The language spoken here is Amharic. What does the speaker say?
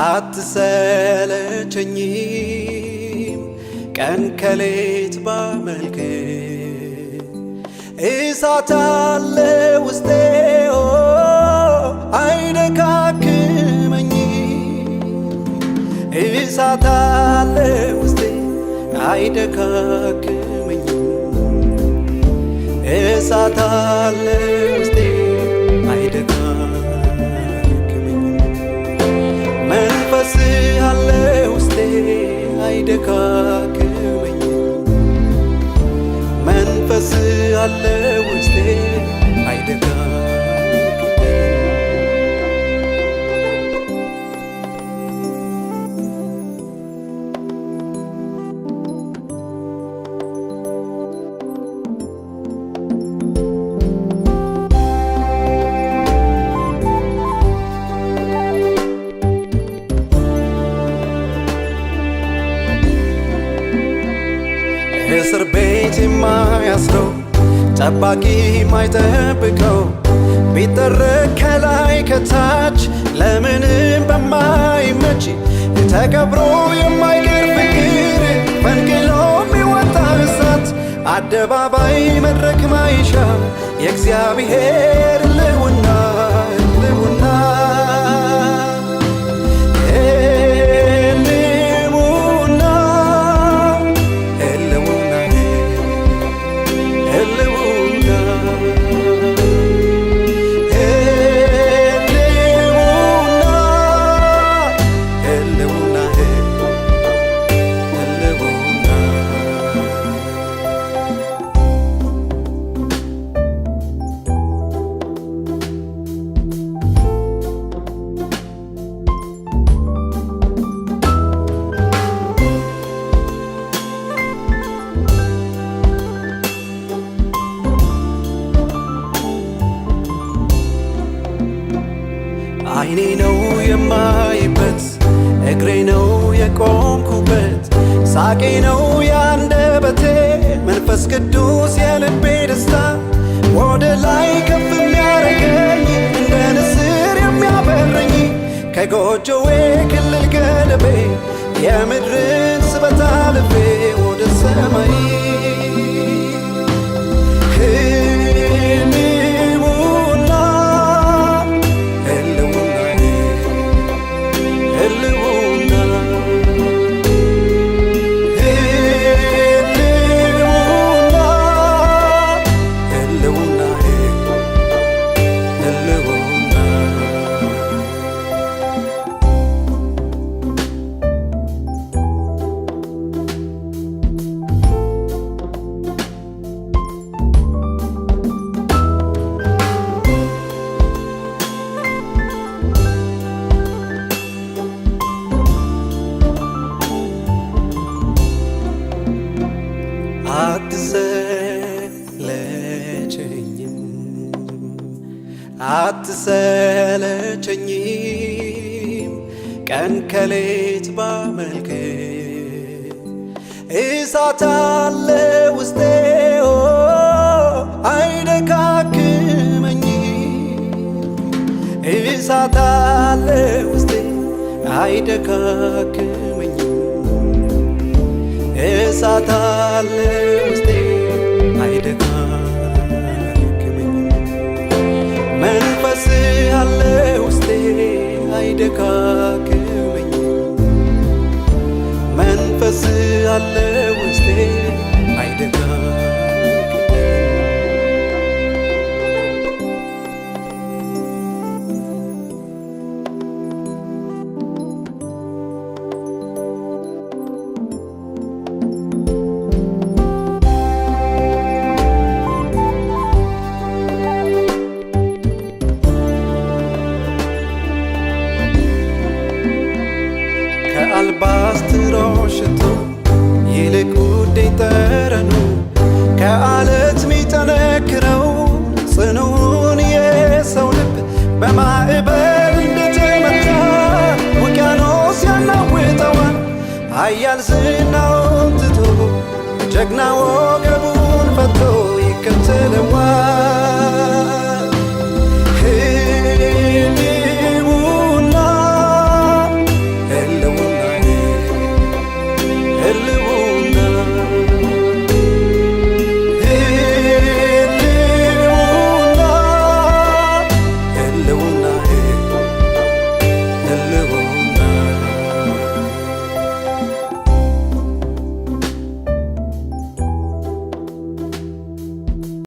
አትሰለቸኝም ቀን ከሌት ባመልክ እሳት አለ ውስጤ አይደካክመኝ እሳት አለ ውስጤ አይደካክመኝ እሳት አለ እስር ቤት የማያስረው ጠባቂ የማይጠብቀው ቢጠረግ ከላይ ከታች ለምንም በማይመች ተቀብሮ የማይቀር ፍቅር ፈንቅሎ የሚወጣ እሳት አደባባይ መድረክ ማይሻ የእግዚአብሔር ልው አይኔ ነው የማይበት እግሬ ነው የቆምኩበት ሳቄ ነው ያንደበቴ መንፈስ ቅዱስ የልቤ ደስታ ወደ ላይ ከፍ የሚያረገኝ እንደ ንስር የሚያበረኝ ከጎጆዌ ክልል ገደቤ የምድርን ስበት አልፌ ወደ ሰማይ አትሰለቸኝም ቀን ከሌት ባመልክ እሳት አለ ውስጤ አይደካክመኝ እሳት አለ ውስጤ አይደካክመኝ እሳት አለ አምላክ መንፈስ አለ አልባ አስትሮ ይልቅ ውዴን ጠረኑ ከአለት ሚጠነክረው ጽኑን የሰው ልብ በማዕበል እንደተመታ ውቅያኖስ ያናውጠዋል። አያል ዝናውን ትቶ ጀግና ወገቡን ፈቶ ይከተለዋል።